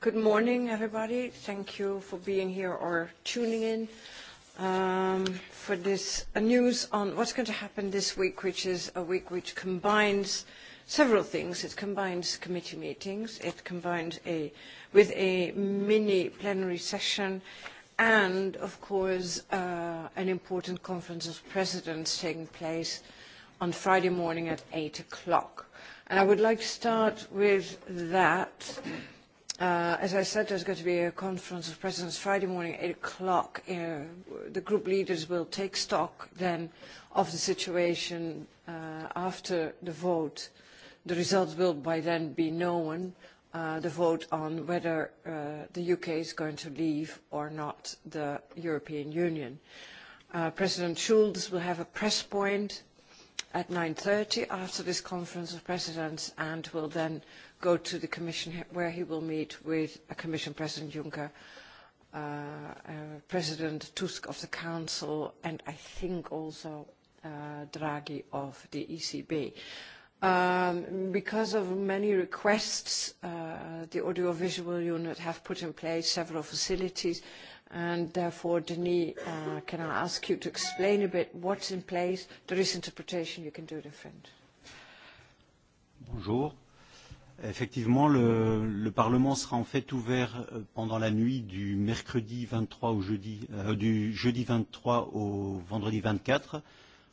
Good morning, everybody. Thank you for being here or tuning in for this news on what's going to happen this week, which is a week which combines several things. It combines committee meetings, it combines a with a mini plenary session, and, of course, an important conference of presidents taking place on Friday morning at 8 o'clock. And I would like to start with that As I said, there's going to be a conference of presidents Friday morning at 8 o'clock. The group leaders will take stock then of the situation after the vote. The results will by then be known, the vote on whether the UK is going to leave or not the European Union. President Schulz will have a press point at 9.30 after this conference of presidents and will then go to the Commission where he will meet with Commission President Juncker, President Tusk of the Council and I think also Draghi of the ECB. Because of many requests, the audiovisual unit have put in place several facilities and therefore, Denis, can I ask you to explain a bit what's in place? There is interpretation, you can do it Bonjour. Effectivement, le Parlement sera en fait ouvert pendant la nuit du mercredi 23 au jeudi, du jeudi 23 au vendredi 24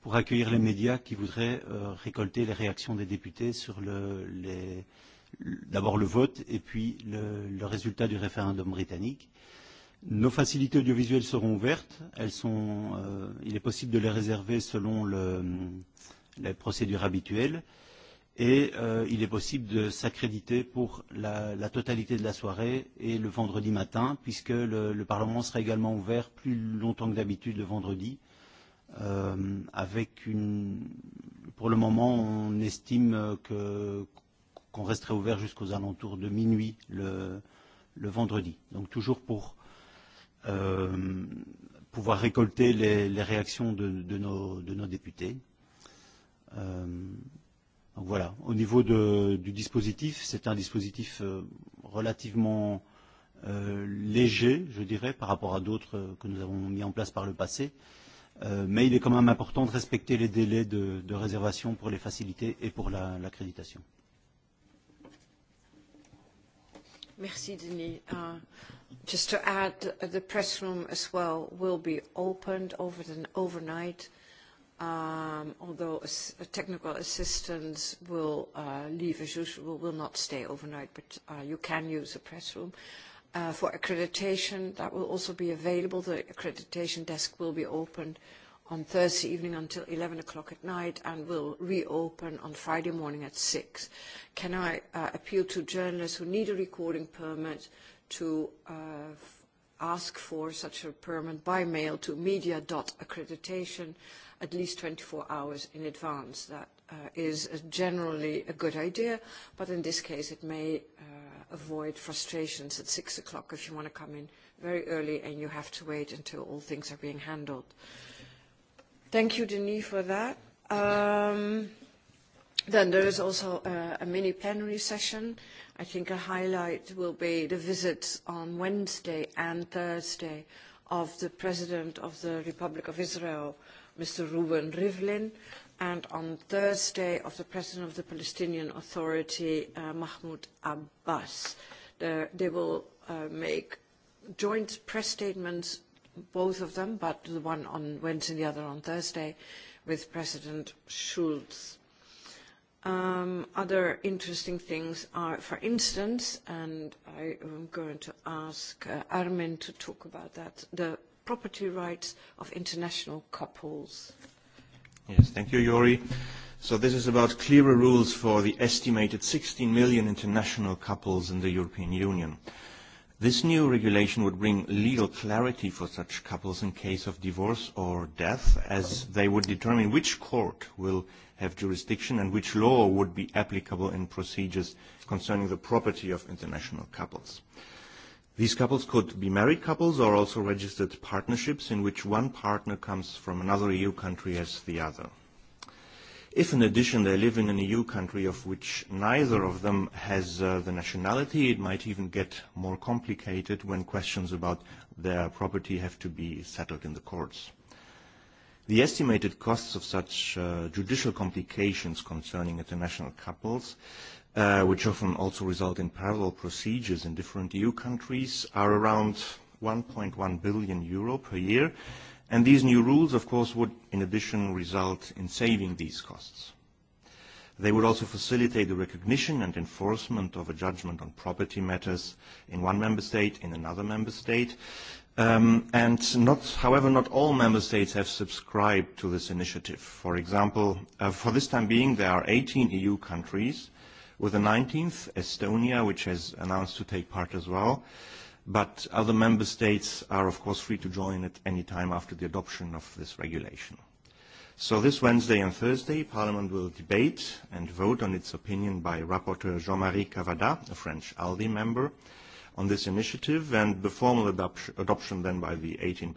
pour accueillir les médias qui voudraient récolter les réactions des députés sur d'abord le vote et puis le résultat du référendum britannique. Nos facilités audiovisuelles seront ouvertes. Elles sont, il est possible de les réserver selon le, les procédures habituelles. Et il est possible de s'accréditer pour la, totalité de la soirée et le vendredi matin, puisque le, le Parlement sera également ouvert plus longtemps que d'habitude le vendredi. Euh, avec une, pour le moment, on estime que, qu'on resterait ouvert jusqu'aux alentours de minuit le, le vendredi. Donc toujours pour pouvoir récolter les réactions de nos députés. Donc voilà, au niveau du dispositif, c'est un dispositif relativement léger, je dirais, par rapport à d'autres que nous avons mis en place par le passé. Mais il est quand même important de respecter les délais de réservation pour les facilités et pour l'accréditation. Merci, Denis. Just to add, the press room as well will be opened over overnight, although technical assistance will leave as usual, will not stay overnight, but you can use the press room. For accreditation, that will also be available. The accreditation desk will be opened on Thursday evening until 11 o'clock at night and will reopen on Friday morning at 6. Can I appeal to journalists who need a recording permit to ask for such a permit by mail to media.accreditation at least 24 hours in advance? That is generally a good idea, but in this case it may avoid frustrations at 6 o'clock if you want to come in very early and you have to wait until all things are being handled. Thank you, Denis, for that. Then there is also a mini plenary session. I think a highlight will be the visits on Wednesday and Thursday of the President of the Republic of Israel, Mr. Ruben Rivlin, and on Thursday of the President of the Palestinian Authority, Mahmoud Abbas. They will make joint press statements both of them, but the one on Wednesday and the other on Thursday, with President Schulz. Other interesting things are, for instance, and I am going to ask Armin to talk about that, the property rights of international couples. Yes, thank you, Yori. So this is about clearer rules for the estimated 16 million international couples in the European Union. This new regulation would bring legal clarity for such couples in case of divorce or death, as they would determine which court will have jurisdiction and which law would be applicable in procedures concerning the property of international couples. These couples could be married couples or also registered partnerships in which one partner comes from another EU country as the other. If in addition they live in an EU country of which neither of them has the nationality, it might even get more complicated when questions about their property have to be settled in the courts. The estimated costs of such judicial complications concerning international couples, which often also result in parallel procedures in different EU countries, are around 1.1 billion euro per year And these new rules, of course, would, in addition, result in saving these costs. They would also facilitate the recognition and enforcement of a judgment on property matters in one member state, in another member state. And however, not all member states have subscribed to this initiative. For example, for this time being, there are 18 EU countries, with the 19th, Estonia, which has announced to take part as well but other member states are, of course, free to join at any time after the adoption of this regulation. So this Wednesday and Thursday, Parliament will debate and vote on its opinion by Rapporteur Jean-Marie Cavada, a French ALDI member, on this initiative, and the formal adoption then by the 18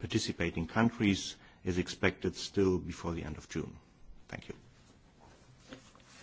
participating countries is expected still before the end of June. Thank you.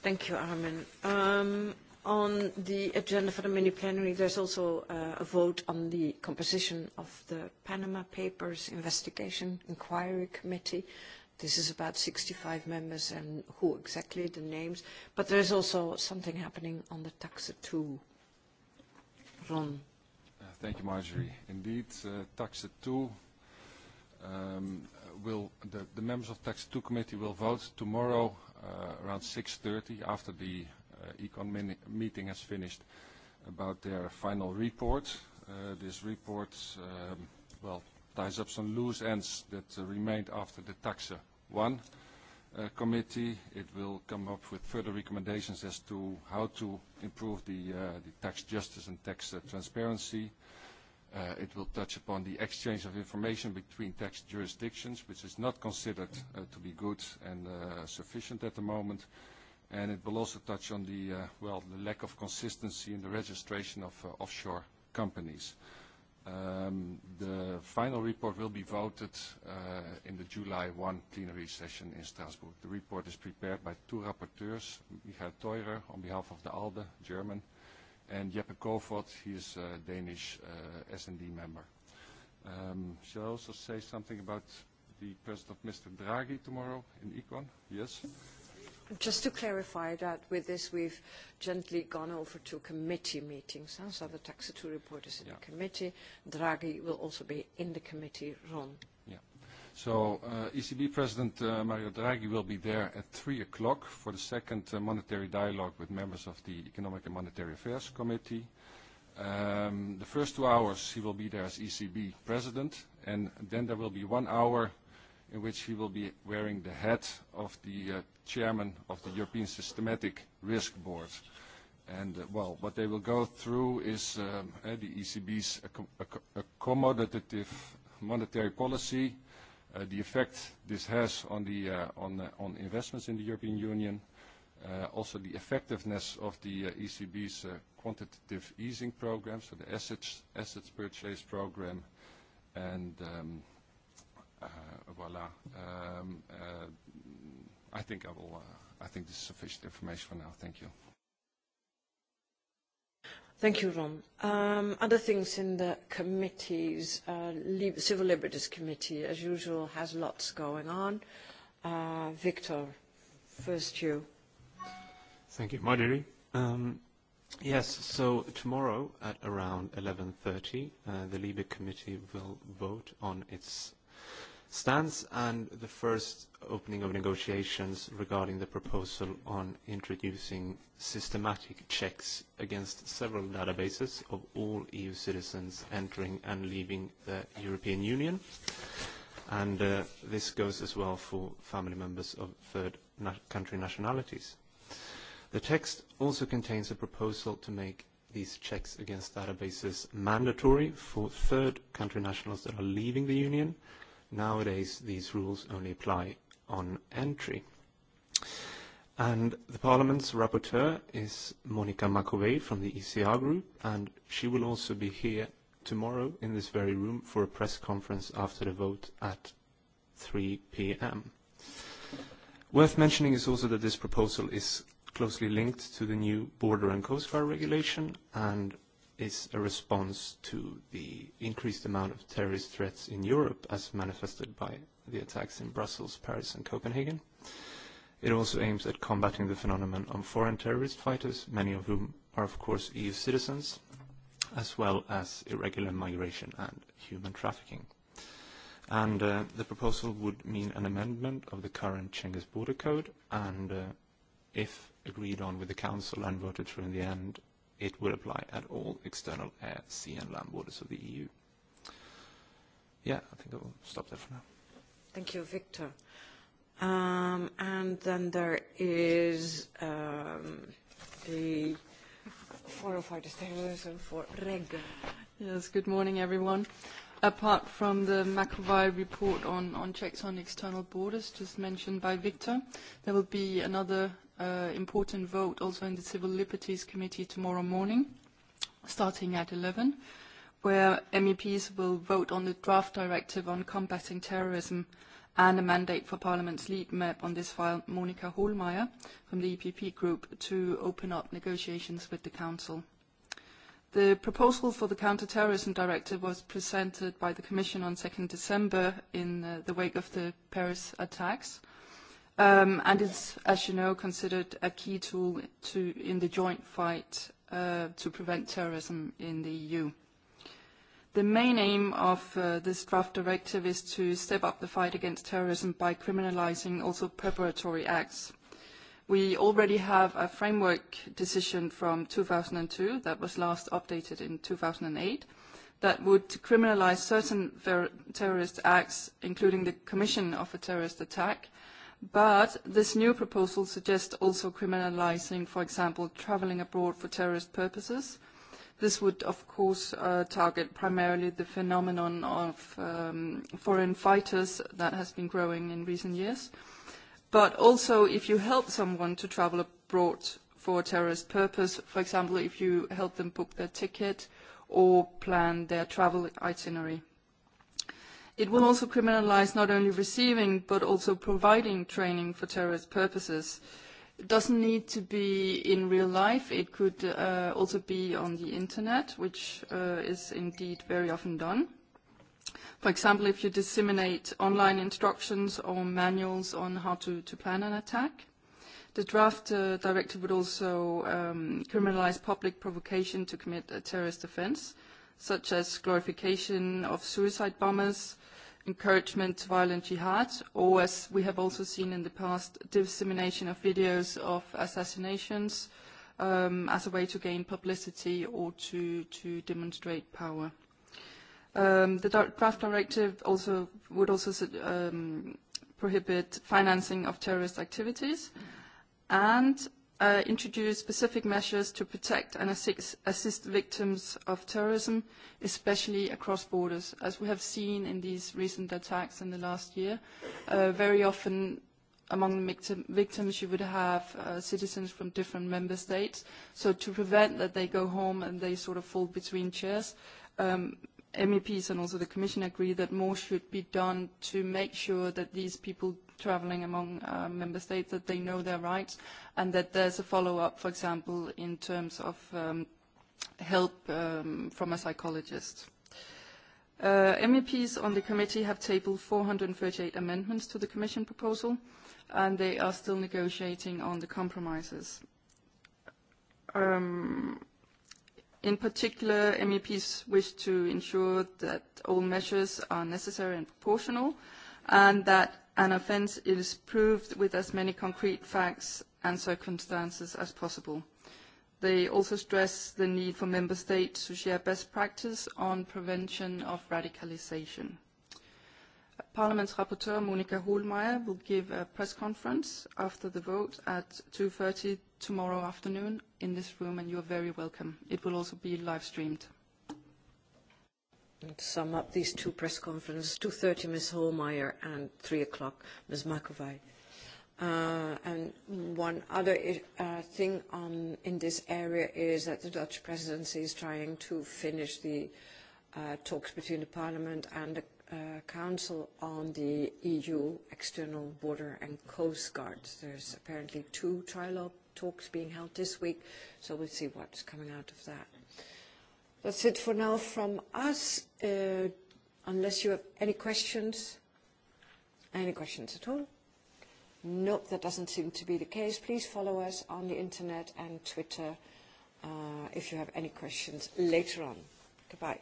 Thank you, Armin. On the agenda for the mini-plenary, there's also a vote on the composition of the Panama Papers Investigation Inquiry Committee. This is about 65 members and who exactly the names. But there is also something happening on the Taxa 2. Ron. Thank you, Marjorie. Indeed, Taxa 2 will, the members of Taxa 2 committee will vote tomorrow around 6.30 after the econ meeting has finished about their final report. This report, well, ties up some loose ends that remained after the Taxa 1 committee. It will come up with further recommendations as to how to improve the tax justice and tax transparency. It will touch upon the exchange of information between tax jurisdictions, which is not considered to be good and sufficient at the moment and it will also touch on the, well, the lack of consistency in the registration of offshore companies. The final report will be voted in the July 1 plenary session in Strasbourg. The report is prepared by two rapporteurs, Michael Teurer on behalf of the ALDE, German, and Jeppe Kofod, he is a Danish S&D member. Shall I also say something about the presence of Mr. Draghi tomorrow in Econ? Yes. Just to clarify that with this, we've gently gone over to committee meetings. So the Taxa report is in the committee. Draghi will also be in the committee. room. Yeah. So ECB President Mario Draghi will be there at 3 o'clock for the second monetary dialogue with members of the Economic and Monetary Affairs Committee. The first two hours he will be there as ECB President, and then there will be one hour in which he will be wearing the hat of the chairman of the European Systematic Risk Board. And, well, what they will go through is the ECB's accommodative monetary policy, the effect this has on investments in the European Union, also the effectiveness of the ECB's quantitative easing program, so the assets purchase program, and I think I will. I think this is sufficient information for now. Thank you. Thank you, Ron. other things in the committees, Civil Liberties Committee, as usual, has lots going on. Victor, first you. Thank you, Marjorie. Um, yes, so tomorrow at around 11.30, the LIBE Committee will vote on its stance and the first opening of negotiations regarding the proposal on introducing systematic checks against several databases of all EU citizens entering and leaving the European Union. And this goes as well for family members of third country nationalities. The text also contains a proposal to make these checks against databases mandatory for third country nationals that are leaving the Union Nowadays, these rules only apply on entry. And the Parliament's rapporteur is Monica Macovei from the ECR Group, and she will also be here tomorrow in this very room for a press conference after the vote at 3 p.m. Worth mentioning is also that this proposal is closely linked to the new Border and Coast Guard regulation, and is a response to the increased amount of terrorist threats in Europe as manifested by the attacks in Brussels, Paris and Copenhagen. It also aims at combating the phenomenon of foreign terrorist fighters, many of whom are of course EU citizens, as well as irregular migration and human trafficking. And the proposal would mean an amendment of the current Schengen Border Code and if agreed on with the Council and voted through in the end, it will apply at all external air, sea, and land borders of the EU. Yeah, I think I'll stop there for now. Thank you, Victor. Um, and then there is um, the 405 for REG. Yes, good morning, everyone. Apart from the McAvoy report on, on checks on external borders, just mentioned by Victor, there will be another important vote also in the Civil Liberties Committee tomorrow morning, starting at 11, where MEPs will vote on the draft directive on combating terrorism and a mandate for Parliament's lead map on this file, Monica Hohlmeier, from the EPP Group, to open up negotiations with the Council. The proposal for the counter-terrorism directive was presented by the Commission on 2 December in the wake of the Paris attacks and is, as you know, considered a key tool in the joint fight to prevent terrorism in the EU. The main aim of this draft directive is to step up the fight against terrorism by criminalizing also preparatory acts. We already have a framework decision from 2002 that was last updated in 2008 that would criminalize certain terrorist acts, including the commission of a terrorist attack, But this new proposal suggests also criminalizing, for example, traveling abroad for terrorist purposes. This would, of course, target primarily the phenomenon of foreign fighters that has been growing in recent years. But also, if you help someone to travel abroad for a terrorist purpose, for example, if you help them book their ticket or plan their travel itinerary. It will also criminalise not only receiving but also providing training for terrorist purposes. It doesn't need to be in real life. It could also be on the internet, which is indeed very often done. For example, if you disseminate online instructions or manuals on how to plan an attack. The draft directive would also criminalise public provocation to commit a terrorist offence such as glorification of suicide bombers, encouragement to violent jihad, or as we have also seen in the past, dissemination of videos of assassinations as a way to gain publicity or to to demonstrate power. The draft directive also would also prohibit financing of terrorist activities and introduce specific measures to protect and assist victims of terrorism, especially across borders. As we have seen in these recent attacks in the last year, very often among the victims you would have citizens from different member states. So to prevent that they go home and they sort of fall between chairs, MEPs and also the Commission agree that more should be done to make sure that these people traveling among member states, that they know their rights, and that there's a follow-up, for example, in terms of help from a psychologist. MEPs on the committee have tabled 438 amendments to the Commission proposal, and they are still negotiating on the compromises. In particular, MEPs wish to ensure that all measures are necessary and proportional, and that an offence is proved with as many concrete facts and circumstances as possible. They also stress the need for member states to share best practice on prevention of radicalisation. Parliament's rapporteur, Monika Hohlmeier, will give a press conference after the vote at 2.30 tomorrow afternoon in this room, and you are very welcome. It will also be live-streamed. To sum up these two press conferences, 2.30 Ms. Holmeyer and 3 o'clock Ms. McAvoy. And one other thing in this area is that the Dutch presidency is trying to finish the talks between the Parliament and the Council on the EU External Border and Coast Guards. There's apparently two trilogue talks being held this week, so we'll see what's coming out of that. That's it for now from us, unless you have any questions. Any questions at all? Nope, that doesn't seem to be the case. Please follow us on the internet and Twitter if you have any questions later on. Goodbye.